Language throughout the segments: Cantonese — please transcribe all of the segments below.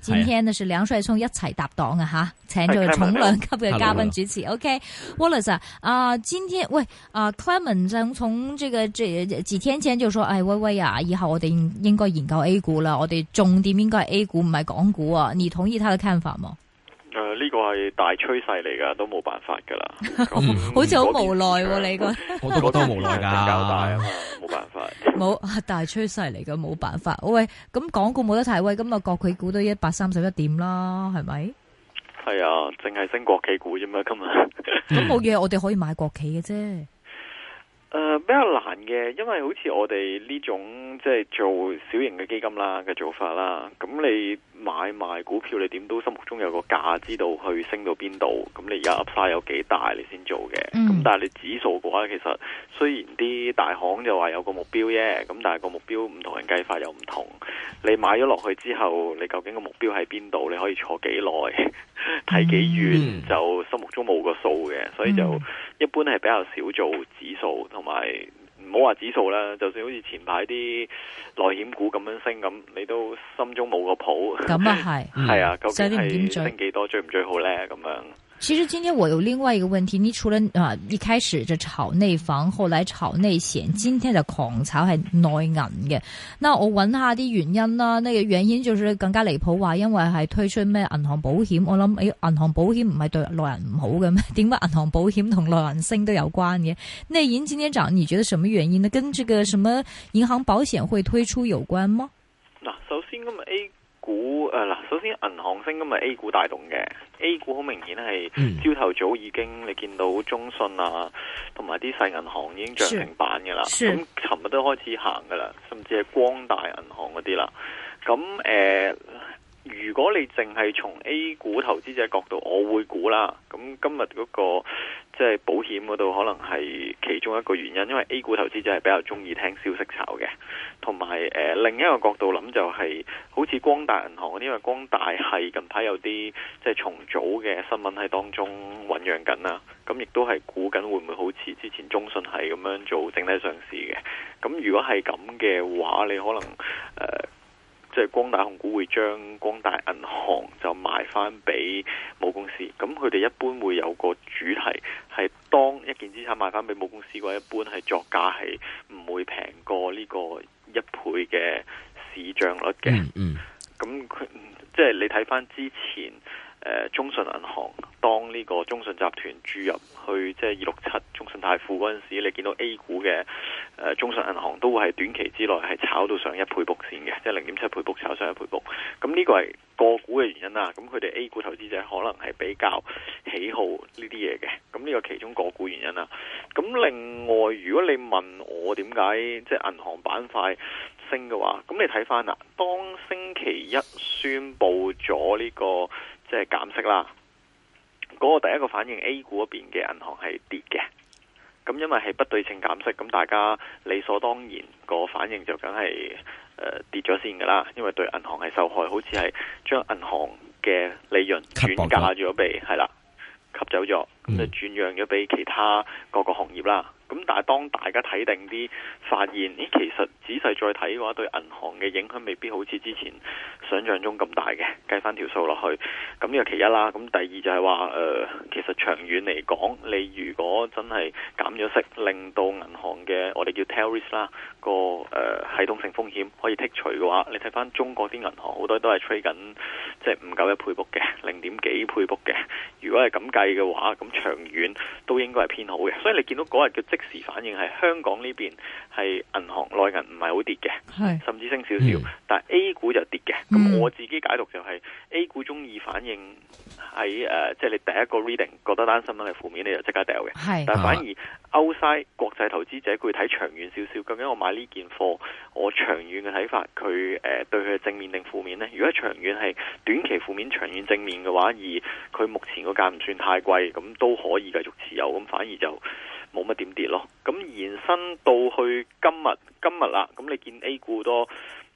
今天呢是梁帥聰一齊搭檔啊吓，請咗重量級嘅嘉賓主持。 OK，Wallace、okay, 啊、呃，今天喂啊、呃、，Clement 正從這個這幾天前就說，哎，威威啊，以後我哋應該研究 A 股啦，我哋重點應該係 A 股，唔係港股啊，你同意他的看法嗎？.這個係大趨勢嚟噶，都冇辦法噶啦，嗯嗯、好似好無奈、啊、邊你個說，我都覺得無奈噶，啊，冇辦法，冇啊，大趨勢嚟噶，冇辦法。喂，咁港股冇得睇。喂，咁啊國企股都一百三十一點啦，係咪？係啊，淨係升國企股啫嘛，今日，咁冇嘢，我哋可以買國企嘅啫。誒、嗯呃，比較難嘅，因為好似我哋呢種即係做小型嘅基金啦嘅做法啦，咁你。買賣股票你點都心目中有個價，知道去升到邊度，咁你而家 upside 有幾大你先做嘅。咁、嗯、但係你指數嘅話，其實雖然啲大行就話有個目標啫，咁但係個目標唔同人計法又唔同。你買咗落去之後，你究竟個目標喺邊度？你可以坐幾耐，睇幾遠，嗯、就心目中冇個數嘅，所以就一般係比較少做指數同埋。唔好話指數啦，就算好似前排啲內險股咁樣升，咁你都心中冇個譜。咁啊係，係、 嗯、啊，究竟係升幾多，最唔最好咧？咁樣。其實今天我有另外一個問題，你除了啊一開始就炒內房，後來炒內險，今天就狂炒係內銀嘅。嗱，我揾下啲原因啦、啊。呢個原因就是更加離譜，話因為係推出咩銀行保險，我諗誒銀行保險唔係對內銀唔好嘅咩？點解銀行保險同內銀升都有關嘅？內銀今天漲，你覺得什麼原因呢？跟這個什麼銀行保險會推出有關嗎？嗱，首先咁啊 A。股，誒嗱，首先銀行升今日 A 股大動嘅，A 股好明顯係朝頭早已經你見到中信啊，同埋啲細銀行已經漲停板嘅啦，咁尋日都開始行噶啦，甚至係光大銀行嗰啲啦，咁誒、呃，如果你淨係從 A 股投資者角度，我會估啦，咁今日嗰、那個。即係保險嗰度，可能係其中一個原因，因為 A 股投資者係比較中意聽消息炒嘅。同埋誒另一個角度諗就係、是，好似光大銀行嗰啲，因為光大係近排有啲即係重組嘅新聞喺當中醖釀緊啦。咁、啊、亦都係估緊會唔會好似之前中信係咁樣做整體上市嘅。咁、啊、如果係咁嘅話，你可能誒。呃即係光大控股會將光大銀行就賣翻俾母公司，咁佢哋一般會有個主題，係當一件資產賣翻俾母公司嘅話，一般係作價係唔會平過呢個一倍嘅市賬率嘅。嗯嗯、mm，咁、hmm. 佢即係你睇翻之前。誒、呃、中信銀行當呢個中信集團注入去，即係二六七中信泰富嗰陣時候，你見到 A 股嘅誒、呃、中信銀行都會係短期之內係炒到上一倍 PB 先嘅，即係零點七倍 PB 炒上一倍 PB。咁呢個係個股嘅原因啦。咁佢哋 A 股投資者可能係比較喜好呢啲嘢嘅。咁呢個其中個股原因啦。咁另外，如果你問我點解即係銀行板塊升嘅話，咁你睇翻啦，當星期一宣布咗呢、這個。即係減息啦，嗰、嗰個第一個反應 A 股嗰邊嘅銀行係跌嘅，咁因為係不對稱減息，咁大家理所當然，個反應就梗係、呃、跌咗先噶啦，因為對銀行係受害，好似係將銀行嘅利潤轉嫁咗俾係啦，吸走咗，咁就轉讓咗俾其他各個行業啦。嗯咁但係當大家睇定啲發現，咦，其實仔細再睇嘅話，對銀行嘅影響未必好似之前想象中咁大嘅。計翻條數落去，咁呢個其一啦。咁第二就係話，誒、呃、其實長遠嚟講，你如果真係減咗息，令到銀行嘅我哋叫 tail risk 啦、那個誒、呃、系統性風險可以剔除嘅話，你睇翻中國啲銀行，好多都係 trade 緊即係唔夠一倍 book 嘅，零點幾倍 book 嘅。如果係咁計嘅話，咁長遠都應該係偏好嘅。所以你見到嗰日嘅即時反應係香港呢邊係銀行內銀唔係好跌嘅，是甚至升少少，嗯、但係 A 股就跌嘅。咁、嗯、我自己解讀就係 A 股中意反應喺誒，即、呃、係、就是、你第一個 reading 覺得單新聞係負面你就即刻掉嘅。是但係反而歐西國際投資者會睇長遠少少。究竟我買呢件貨，我長遠嘅睇法，佢誒、呃、對佢嘅正面定負面呢？如果係長遠係短期負面、長遠正面嘅話，而佢目前個價唔算太貴，咁都可以繼續持有，咁反而就。冇乜點跌咯，咁延伸到去今日，今日啦，咁你見 A 股多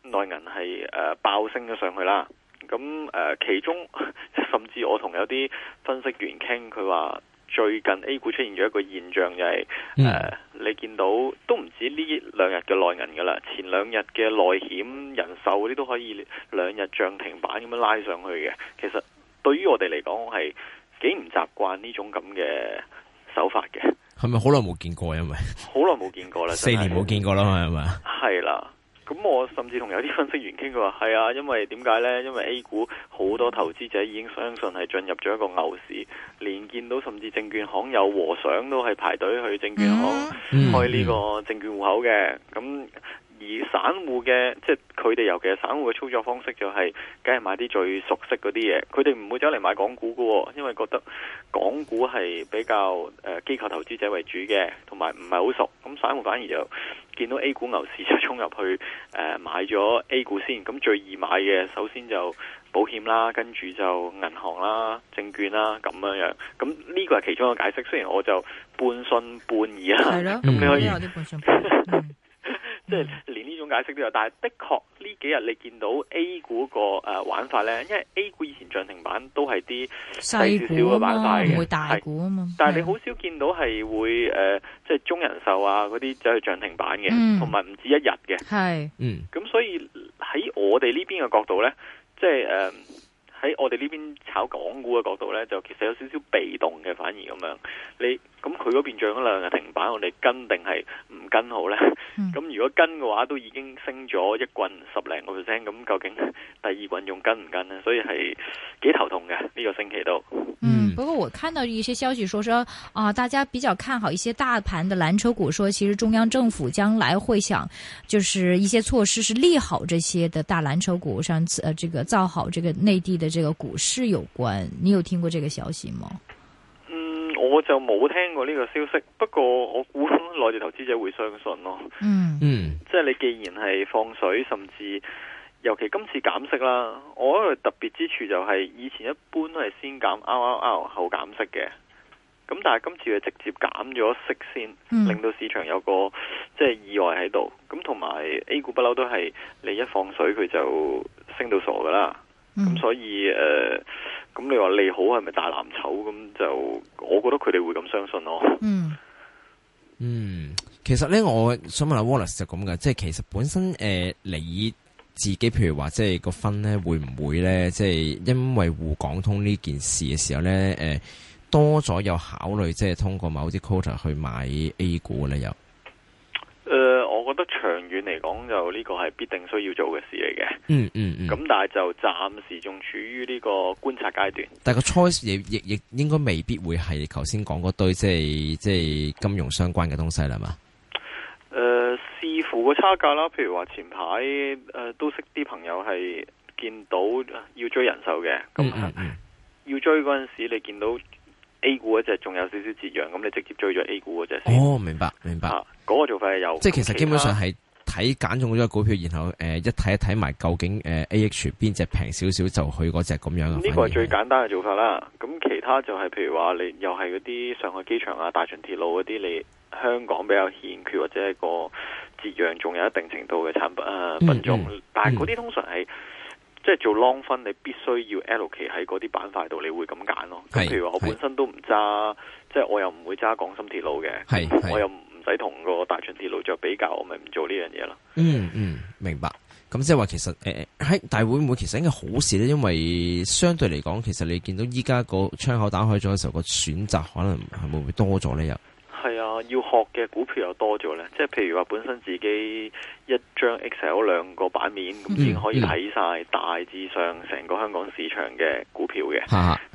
內銀係誒爆升咗上去啦，咁誒、呃、其中甚至我同有啲分析員傾，佢話最近 A 股出現咗一個現象，就是，就係誒你見到都唔止呢兩日嘅內銀噶啦，前兩日嘅內險、人壽嗰啲都可以兩日漲停板咁樣拉上去嘅。其實對於我哋嚟講係幾唔習慣呢種咁嘅手法嘅。係咪好耐冇見過？因為好耐冇見過啦，四 年冇見過啦，係咪的？係啦吧，咁我甚至同有啲分析員傾過話係啊，因為點解呢？因為 A 股好多投資者已經相信係進入咗一個牛市，連見到甚至證券行有和尚都係排隊去證券行開呢、mm hmm. 個證券戶口嘅咁。那而散戶嘅，即係佢哋，尤其係散戶嘅操作方式就係、是，梗係買啲最熟悉嗰啲嘢。佢哋唔會走嚟買港股噶、哦，因為覺得港股係比較誒機、呃、構投資者為主嘅，同埋唔係好熟。咁散戶反而就見到 A 股牛市就沖入去誒、呃、買咗 A 股先。咁最易買嘅，首先就保險啦，跟住就銀行啦、證券啦咁樣樣。咁呢個係其中一個解釋。雖然我就半信半疑啦，咁你了、嗯、可以。嗯 即係連呢種解釋都有，但係的確呢幾日你見到 A 股個誒玩法咧，因為 A 股以前漲停板都係啲細少少嘅板塊嘅，唔會大股啊嘛。是但係你好少見到係會誒、呃，即係中人壽啊嗰啲走去漲停板嘅，同埋唔止一日嘅。係是，嗯，咁所以喺我哋呢邊嘅角度咧，即係誒。呃喺我哋呢邊炒港股嘅角度呢，就其實有少少被動嘅，反而咁樣。你咁佢嗰邊漲咗兩日停板，我哋跟定係唔跟好呢？咁、嗯、如果跟嘅話，都已經升咗一棍十零個 percent，咁究竟第二棍仲跟唔跟呢？所以係幾頭痛嘅呢、呢個星期都。嗯不過我看到一些消息，說說啊、呃，大家比較看好一些大盤的藍籌股說，說其實中央政府將來會想，就是一些措施是利好這些的大藍籌股，上，呃，這個造好這個內地的這個股市有關。你有聽過這個消息嗎？嗯，我就冇聽過呢個消息。不過我估內地投資者會相信咯、啊。嗯嗯，嗯即係你既然係放水，甚至。尤其今次減息啦，我覺得特別之處就係以前一般都係先減 RRR 後減息嘅，咁但係今次係直接減咗息先，嗯、令到市場有個即係意外喺度。咁同埋 A 股不嬲都係你一放水佢就升到傻噶啦。咁、嗯、所以誒，咁、呃、你話利好係咪大藍籌？咁就我覺得佢哋會咁相信咯。嗯，嗯，其實呢，我想問下 Wallace 就咁嘅，即係其實本身誒、呃、你。自己譬如話，即係個分呢會唔會呢？即係因為滬港通呢件事嘅時候呢，誒，多咗有考慮，即係通過某啲 quota 去買 A 股呢。又。誒，我覺得長遠嚟講，就呢個係必定需要做嘅事嚟嘅，嗯。嗯嗯嗯，咁但係就暫時仲處於呢個觀察階段。但係個 choice 亦亦亦應該未必會係頭先講嗰堆，就是，即係即係金融相關嘅東西啦嘛。補個差價啦，譬如話前排誒、呃、都識啲朋友係見到要追人手嘅，咁要追嗰陣時你見到 A 股嗰隻仲有少少折讓，咁你直接追咗 A 股嗰隻。哦，明白明白，嗰、啊那個做法係有。即係其實基本上係睇揀中咗股票，然後誒、呃、一睇一睇埋究竟誒 A H 邊隻平少少就去嗰隻咁樣。呢個、嗯、係最簡單嘅做法啦，咁其他就係、是、譬如話你又係嗰啲上海機場啊、大秦鐵路嗰啲，你香港比較欠缺或者一個。跌揚仲有一定程度嘅產品啊品種，嗯、但係嗰啲通常係、嗯、即係做 long 分，你必須要 l 期喺嗰啲板塊度，你會咁揀咯。咁是譬如話，我本身都唔揸，是即係我又唔會揸廣深鐵路嘅，是我又唔使同個大長鐵路再比較，我咪唔做呢樣嘢咯。嗯嗯，明白。咁即係話其實誒喺、呃，但係會唔會其實應該好事咧？因為相對嚟講，其實你見到依家個窗口打開咗嘅時候，個選擇可能係會唔會多咗呢？又？要學嘅股票又多咗呢。即係譬如話本身自己一張 Excel 兩個版面，咁已經可以睇晒大致上成個香港市場嘅股票嘅。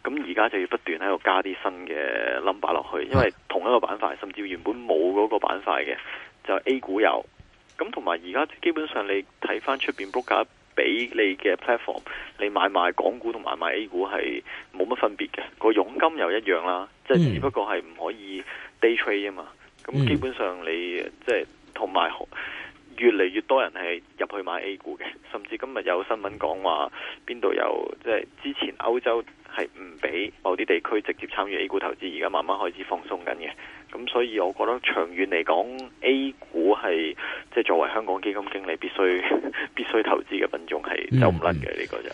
咁而家就要不斷喺度加啲新嘅 number 落去，因為同一個板塊、啊、甚至原本冇嗰個板塊嘅就 A 股有。咁同埋而家基本上你睇翻出面 broker 俾你嘅 platform，你買賣港股同埋買賣 A 股係冇乜分別嘅，個佣金又一樣啦。即係、嗯、只不過係唔可以 day trade 啊嘛。咁、嗯、基本上你即係同埋越嚟越多人係入去買 A 股嘅，甚至今日有新聞講話邊度有即係、就是、之前歐洲係唔俾某啲地區直接參與 A 股投資，而家慢慢開始放鬆緊嘅。咁所以我覺得長遠嚟講，A 股係即係作為香港基金經理必須必須 投資嘅品種係走唔甩嘅，呢個就。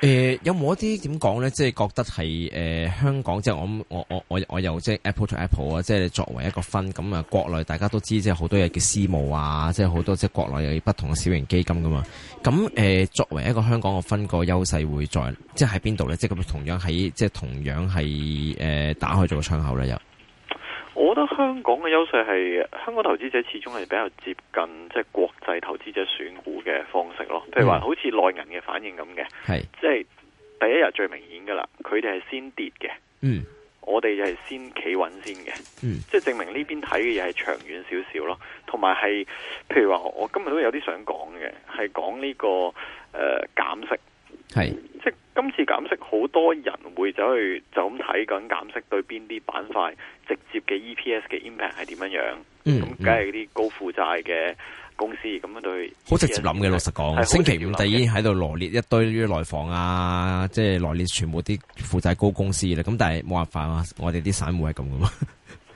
誒、呃，有冇一啲點講呢？即係覺得係誒、呃，香港即係我我我我又即係 Apple to Apple 啊！即係作為一個分咁啊，國內大家都知即係好多嘢，叫私募啊，即係好多 MO，即係國內有不同嘅小型基金噶嘛。咁誒、呃，作為一個香港嘅分個優勢會在即係喺邊度呢？即係咁同樣喺即係同樣係誒、呃，打開咗個窗口呢？又。我覺得香港嘅優勢係香港投資者始終係比較接近即係國際投資者選股嘅方式咯，譬如話好似內銀嘅反應咁嘅，係是即係第一日最明顯噶啦，佢哋係先跌嘅，嗯，我哋就係先企穩先嘅，嗯，即係證明呢邊睇嘅嘢係長遠少少咯，同埋係譬如話我今日都有啲想講嘅，係講呢個誒減息。係，是即係今次減息，好多人會走去就咁睇緊減息對邊啲板塊直接嘅 E P S 嘅 impact 係點樣樣？咁梗係啲高負債嘅公司咁樣、嗯、對，好直接諗嘅。老實講，對星期五就已經喺度羅列一堆內房啊，即係羅列全部啲負債高公司啦。咁但係冇辦法啊，我哋啲散戶係咁噶嘛。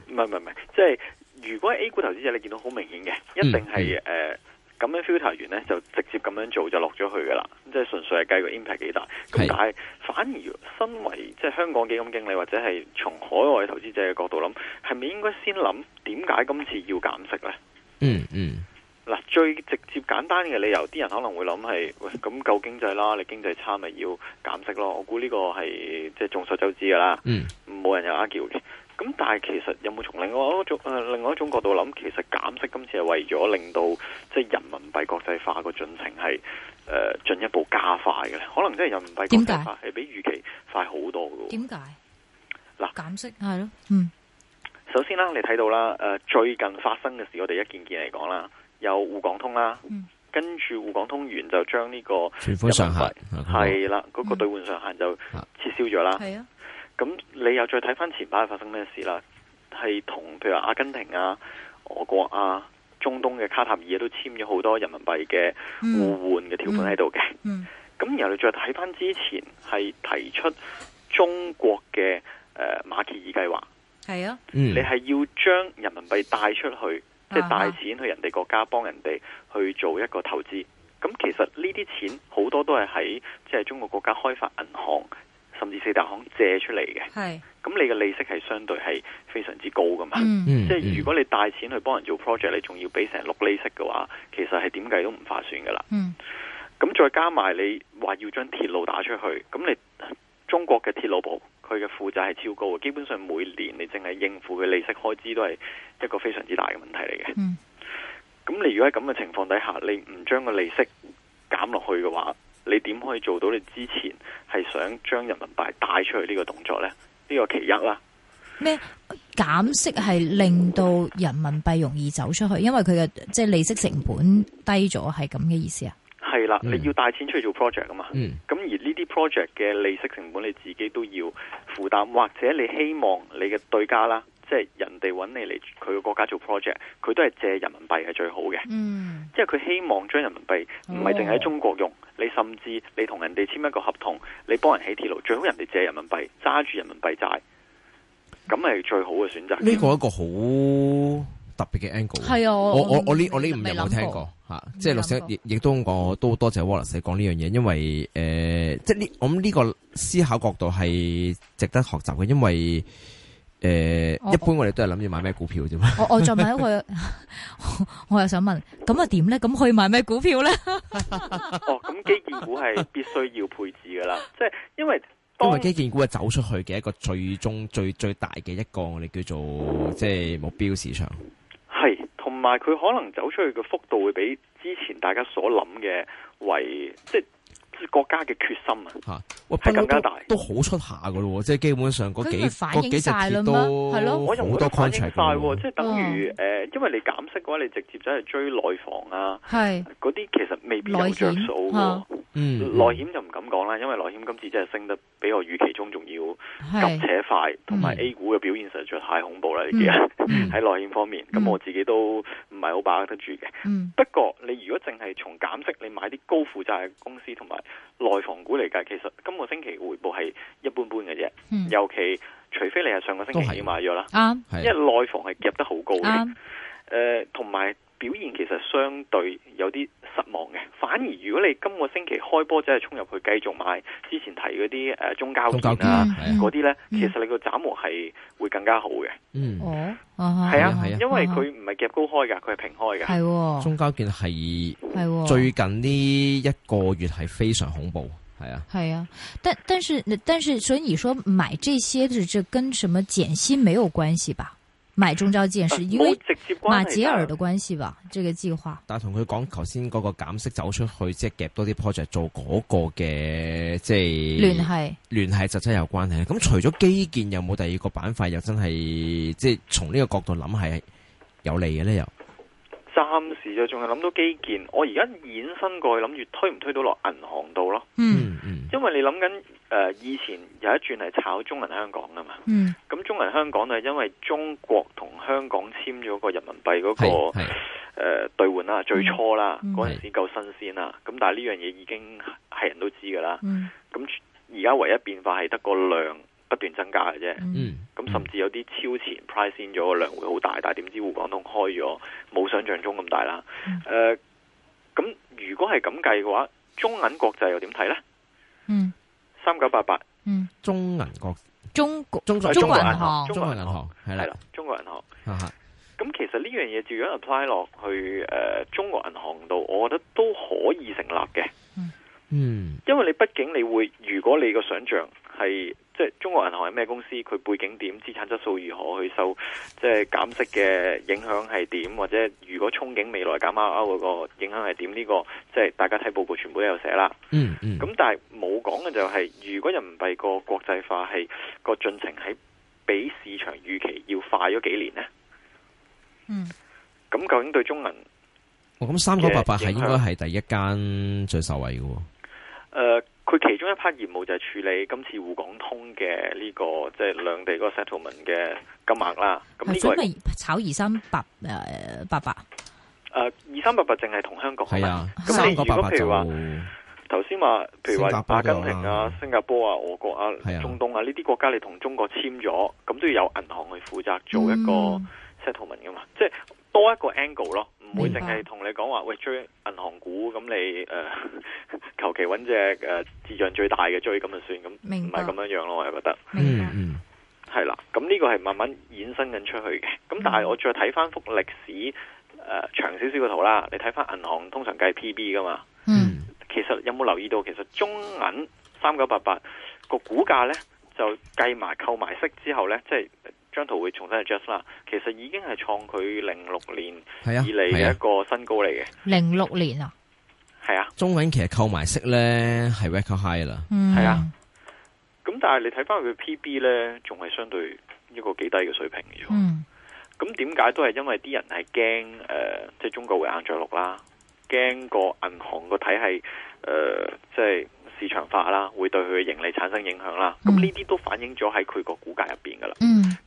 唔係唔係唔係，即係、就是、如果係 A 股投資者，你見到好明顯嘅，一定係誒。嗯是呃咁樣 filter 完呢，就直接咁樣做就落咗去噶啦，即係純粹係計個 impact 幾大。咁但係反而身為即係香港基金經理或者係從海外投資者嘅角度諗，係咪應該先諗點解今次要減息呢？嗯嗯，嗱、嗯、最直接簡單嘅理由，啲人可能會諗係喂，咁夠經濟啦，你經濟差咪要減息咯？我估呢個係即係眾所周知噶啦，嗯，冇人有 argue 嘅。咁但係其實有冇從另外一種誒、呃，另外一種角度諗，其實減息今次係為咗令到即係人民幣國際化個進程係誒進一步加快嘅，可能即係人民幣國際化係比預期快好多噶。點解？嗱啦，減息係咯，嗯。首先啦，你睇到啦，誒、呃、最近發生嘅事，我哋一件件嚟講啦，有滬港通啦，嗯、跟住滬港通完就將呢個存款上限係啦，嗰、嗯嗰個兌換上限就撤銷咗啦。係啊、嗯。嗯咁你又再睇翻前排發生咩事啦？係同譬如阿根廷啊、俄國啊、中東嘅卡塔爾都簽咗好多人民幣嘅互換嘅條款喺度嘅。咁、嗯嗯嗯、然後你再睇翻之前係提出中國嘅誒、呃、馬歇爾計劃，係啊，你係要將人民幣帶出去，即係帶錢去人哋國家幫人哋去做一個投資。咁其實呢啲錢好多都係喺即係中國國家開發銀行。甚至四大行借出嚟嘅，係咁是你嘅利息係相對係非常之高噶嘛？嗯、即係如果你帶錢去幫人做 project，你仲要俾成六厘息嘅話，其實係點計都唔划算噶啦。咁、嗯、再加埋你話要將鐵路打出去，咁你中國嘅鐵路部佢嘅負債係超高嘅，基本上每年你淨係應付嘅利息開支都係一個非常之大嘅問題嚟嘅。咁、嗯、你如果喺咁嘅情況底下，你唔將個利息減落去嘅話，你點可以做到你之前係想將人民幣帶出去呢個動作呢？呢個其一啦。咩減息係令到人民幣容易走出去？因為佢嘅即係利息成本低咗，係咁嘅意思啊？係啦，你要帶錢出去做 project 嘛？嗯，咁而呢啲 project 嘅利息成本你自己都要負擔，或者你希望你嘅對家啦。即係人哋揾你嚟佢個國家做 project，佢都係借人民幣係最好嘅。嗯，即係佢希望將人民幣唔係淨喺中國用。哦、你甚至你同人哋簽一個合同，你幫人起鐵路，最好人哋借人民幣，揸住人民幣債，咁係最好嘅選擇。呢個一個好特別嘅 angle。嗯、我我我呢我呢唔係冇聽過吓。過即係老實亦亦都講，我都多謝 Wallace 講呢樣嘢，因為誒、呃，即係呢，我諗呢個思考角度係值得學習嘅，因為。誒，呃、我一般我哋都係諗住買咩股票啫嘛。我我再問一個 我，我又想問，咁啊點咧？咁可以買咩股票咧？ 哦，咁基建股係必須要配置噶啦， 即係因為當因為基建股係走出去嘅一個最終最最大嘅一個我哋叫做即係目標市場。係，同埋佢可能走出去嘅幅度會比之前大家所諗嘅為即係。國家嘅決心啊，嚇，係更加大，都好出下噶咯喎，即係基本上嗰幾嗰幾隻都係咯，好多抗齊即係等於誒，因為你減息嘅話，你直接走去追內房啊，係，嗰啲其實未必有着數嘅，嗯，內險就唔敢講啦，因為內險今次真係升得比我預期中仲要急且快，同埋 A 股嘅表現實在太恐怖啦，呢幾日喺內險方面，咁我自己都唔係好把握得住嘅，不過你如果淨係從減息，你買啲高負債嘅公司同埋。內房股嚟噶，其實今個星期回報係一般般嘅啫，嗯、尤其除非你係上個星期已經買咗啦，因為內房係夾得好高嘅，同埋、嗯。呃表現其實相對有啲失望嘅，反而如果你今個星期開波，真係衝入去繼續買之前提嗰啲誒中交建啊，啲咧、嗯，啊呢嗯、其實你個斬磨係會更加好嘅。嗯，哦，係啊，係啊，是啊因為佢唔係夾高開噶，佢係平開嘅。係、啊，中交建係係最近呢一個月係非常恐怖，係啊，係啊，但但是但是，但是所以你說買這些嘅，這跟什麼減息沒有關係吧？買中交建設，因為馬傑爾的關係吧？係但這個計劃，但係同佢講，頭先嗰個減息走出去，即係夾多啲 project 做嗰個嘅，即係聯繫聯繫就真係有關係。咁除咗基建，有冇第二個板塊又真係即係從呢個角度諗係有利嘅呢？又暫時就仲係諗到基建，我而家衍生過去諗住推唔推到落銀行度咯？嗯嗯，因為你諗緊。誒、呃，以前有一轉係炒中銀香港噶嘛？嗯，咁中銀香港咧，因為中國同香港簽咗個人民幣嗰、那個誒兌換啦，嗯、最初啦嗰陣、嗯、時夠新鮮啦。咁、嗯、但係呢樣嘢已經係人都知噶啦。咁而家唯一變化係得個量不斷增加嘅啫。咁、嗯嗯、甚至有啲超前 price in 咗個量會好大，但係點知滬港通開咗冇想象中咁大啦。誒、嗯，咁、呃、如果係咁計嘅話，中銀國際又點睇呢？嗯。三九八八，嗯，中銀國，中國、呃，中國銀行，中國銀行係啦，中國銀行，咁其實呢樣嘢照樣 apply 落去誒，中國銀行度，我覺得都可以成立嘅，嗯，因為你畢竟你會，如果你個想象係。即係中國銀行係咩公司？佢背景點？資產質素如何？去受即係減息嘅影響係點？或者如果憧憬未來減壓歐嗰個影響係點？呢、這個即係大家睇報告，全部都有寫啦、嗯。嗯嗯。咁但係冇講嘅就係，如果人民幣個國際化係個進程喺比市場預期要快咗幾年呢。嗯。咁究竟對中銀？我諗三九八八係應該係第一間最受惠嘅。誒、呃。佢其中一 part 業務就係處理今次滬港通嘅呢、這個即係、就是、兩地個 settlement 嘅金額啦。咁呢個炒二三八誒八八誒二三八八，淨係同香港係啊。咁、啊、你如果譬如話頭先話，譬如話阿、啊、根廷啊、新加坡啊、俄國啊、中東啊呢啲國家，你同中國簽咗，咁都要有銀行去負責做一個 settlement 噶嘛？嗯、即係多一個 angle 咯，唔會淨係同你講話白喂追銀行股，咁你誒。呃其揾隻誒市量最大嘅追咁就算咁，唔係咁樣樣咯，白我又覺得。明白，嗯白，係啦。咁呢個係慢慢衍伸緊出去嘅。咁但係我再睇翻幅歷史誒、嗯呃、長少少個圖啦。你睇翻銀行通常計 P B 噶嘛？嗯，其實有冇留意到其實中銀三九八八個股價咧，就計埋購買息之後咧，即係張圖會重新 adjust 啦。其實已經係創佢零六年以嚟嘅一個新高嚟嘅。零六、啊啊嗯、年啊！係啊，中文其實購埋息咧，係 record high 啦，係、嗯、啊。咁但係你睇翻佢 P B 咧，仲係相對一個幾低嘅水平嘅、嗯。嗯。咁點解都係因為啲人係驚誒，即係中國會硬着陸啦，驚個銀行個體系誒，即係市場化啦，會對佢嘅盈利產生影響啦。咁呢啲都反映咗喺佢個股價入邊噶啦。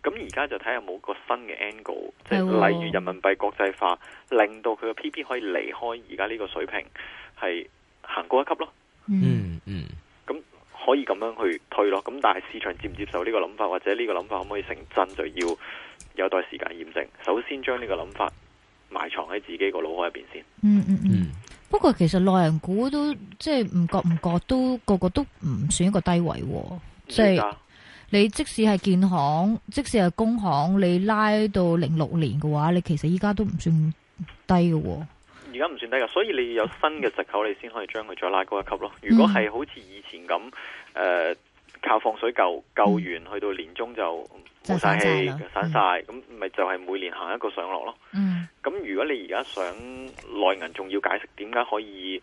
咁而家就睇下有冇個新嘅 angle，即係、嗯、例如人民幣國際化，哦、令到佢嘅 P B 可以離開而家呢個水平。係行過一級咯，嗯嗯，咁、嗯、可以咁樣去退落，咁但係市場接唔接受呢個諗法，或者呢個諗法可唔可以成真，就要有待時間驗證。首先將呢個諗法埋藏喺自己個腦海入邊先。嗯嗯嗯，嗯嗯不過其實內銀股都即係唔覺唔覺，都個個都唔算一個低位，即、就、係、是、在你即使係建行，即使係工行，你拉到零六年嘅話，你其實依家都唔算低嘅。而家唔算低噶，所以你有新嘅藉口，你先可以將佢再拉高一級咯。如果係好似以前咁，誒、呃，靠放水救救完，嗯、去到年終就冇晒氣，散晒光，咁咪、嗯、就係每年行一個上落咯。嗯。咁如果你而家想內銀仲要解釋點解可以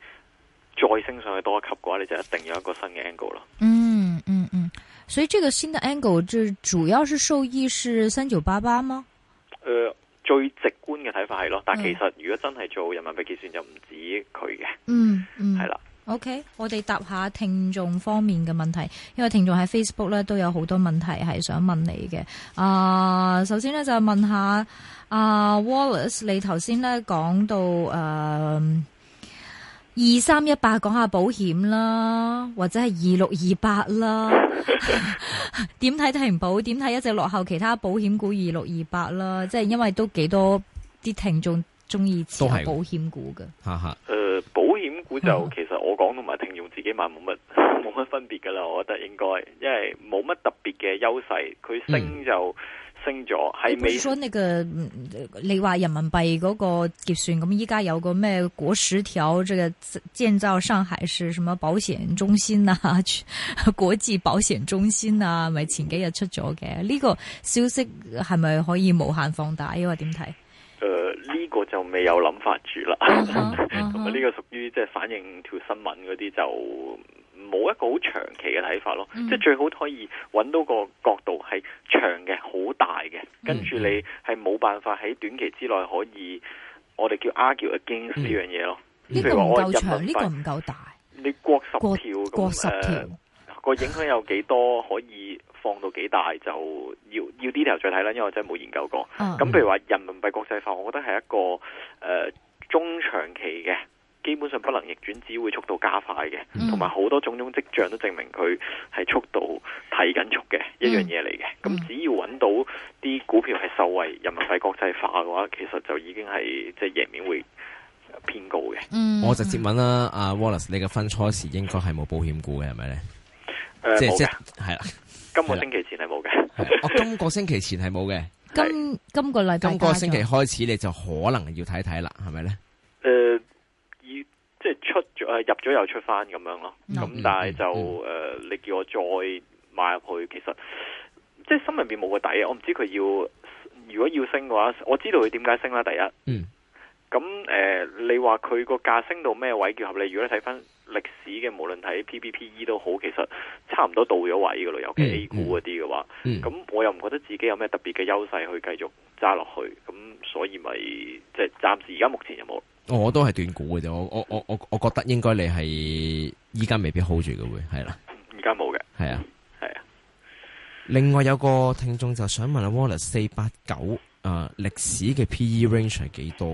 再升上去多一級嘅話，你就一定有一個新嘅 angle 咯。嗯嗯嗯，所以這個新的 angle 就主要是受益是三九八八嗎？誒、呃。最直觀嘅睇法係咯，但係其實如果真係做人民幣結算，就唔止佢嘅、嗯。嗯嗯，係啦的。OK，我哋答下聽眾方面嘅問題，因為聽眾喺 Facebook 咧都有好多問題係想問你嘅。啊、呃，首先咧就問下啊、呃、Wallace，你頭先咧講到、呃二三一八講下保險啦，或者係二六二八啦。點睇平保？點睇一直落後其他保險股二六二八啦？即係因為都幾多啲聽眾中意持有保險股嘅。哈哈是，誒 呃，保險股就其實我講同埋聽眾自己買冇乜冇乜分別噶啦，我覺得應該，因為冇乜特別嘅優勢，佢升就。嗯升咗，係未？你說、那個，你話人民幣嗰個結算咁，依家有個咩國十條，即、這、係、個、建造上海市什麼保險中心啊，國際保險中心啊，咪前幾日出咗嘅呢個消息係咪可以無限放大？因為點睇？誒、呃、呢、這個就未有諗法住啦，咁呢、uh huh, uh huh. 個屬於即係反映條新聞嗰啲就。冇一個好長期嘅睇法咯，嗯、即最好可以揾到個角度係長嘅、好大嘅，嗯、跟住你係冇辦法喺短期之內可以，我哋叫 argue against 呢樣嘢咯。呢、嗯、個唔夠長，呢、這個唔夠大。你國十條咁誒，個、呃、影響有幾多？可以放到幾大？就要要 detail 再睇啦，因為我真係冇研究過。咁、啊、譬如話，人民幣國際化，我覺得係一個、呃、中長期嘅。基本上不能逆轉，只會速度加快嘅，同埋好多種種跡象都證明佢係速度提緊速嘅一、嗯、樣嘢嚟嘅。咁只要揾到啲股票係受惠人民幣國際化嘅話，其實就已經係即係贏面會偏高嘅。嗯、我直接問啦，阿、啊、Wallace，你嘅分初時應該係冇保險股嘅，係咪呢？即係係啦，今個星期前係冇嘅。今個星期前係冇嘅。今今個禮拜今個星期開始，你就可能要睇睇啦，係咪呢？出入咗又出翻咁樣咯，咁、嗯、但係就誒、嗯呃，你叫我再買入去，其實即係心入邊冇個底啊！我唔知佢要如果要升嘅話，我知道佢點解升啦。第一，咁誒、嗯呃，你話佢個價升到咩位，叫合理？如果你睇翻歷史嘅，無論睇 P B P E 都好，其實差唔多到咗位噶咯，尤其 A 股嗰啲嘅話，咁、嗯嗯、我又唔覺得自己有咩特別嘅優勢去繼續揸落去，咁所以咪即係暫時而家目前就冇。哦、我都係斷估嘅啫，我我我我我覺得應該你係依家未必 hold 住嘅會係啦，而家冇嘅，係啊係啊。的的另外有個聽眾就想問阿 Wallace 四八九、呃、啊，歷史嘅 P E range 係幾多？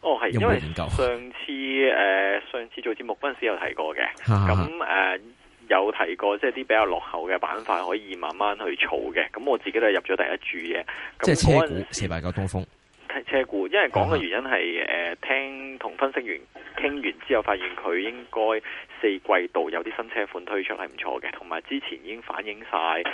哦係，有沒有研究，因為上次誒、呃，上次做節目嗰陣時有提過嘅，咁誒哈、呃、有提過，即係啲比較落後嘅板塊可以慢慢去炒嘅。咁我自己都係入咗第一注嘅，即係車股四八九，東風。睇車股，因為講嘅原因係誒、呃、聽同分析員傾完之後，發現佢應該四季度有啲新車款推出係唔錯嘅，同埋之前已經反映晒，誒、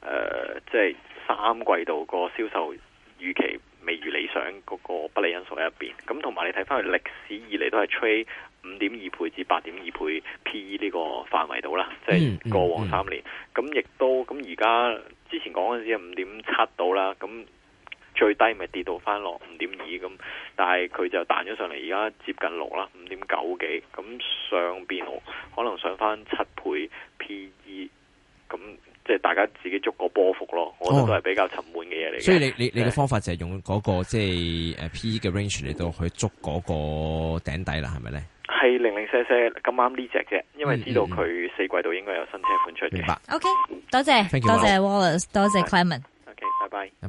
呃，即、就、係、是、三季度個銷售預期未如理想嗰個不利因素喺入邊。咁同埋你睇翻佢歷史以嚟都係吹五點二倍至八點二倍 PE 呢個範圍度啦，即係、嗯、過往三年。咁亦、嗯嗯、都咁而家之前講嗰陣時五點七到啦，咁。最低咪跌到翻落五點二咁，但係佢就彈咗上嚟，而家接近六啦，五點九幾咁上邊，可能上翻七倍 P E，咁即係大家自己捉個波幅咯。我覺得都係比較沉悶嘅嘢嚟。所以你你你嘅方法就係用嗰、那個、嗯、即係 P E 嘅 range 嚟到去捉嗰個頂底啦，係咪咧？係零零舍舍咁啱呢隻啫，因為知道佢四季度應該有新車款出嚟嘅。明白。o、okay, K，多謝，Thank you. 多謝 Wallace，多謝 Clement。O K，拜拜，拜拜。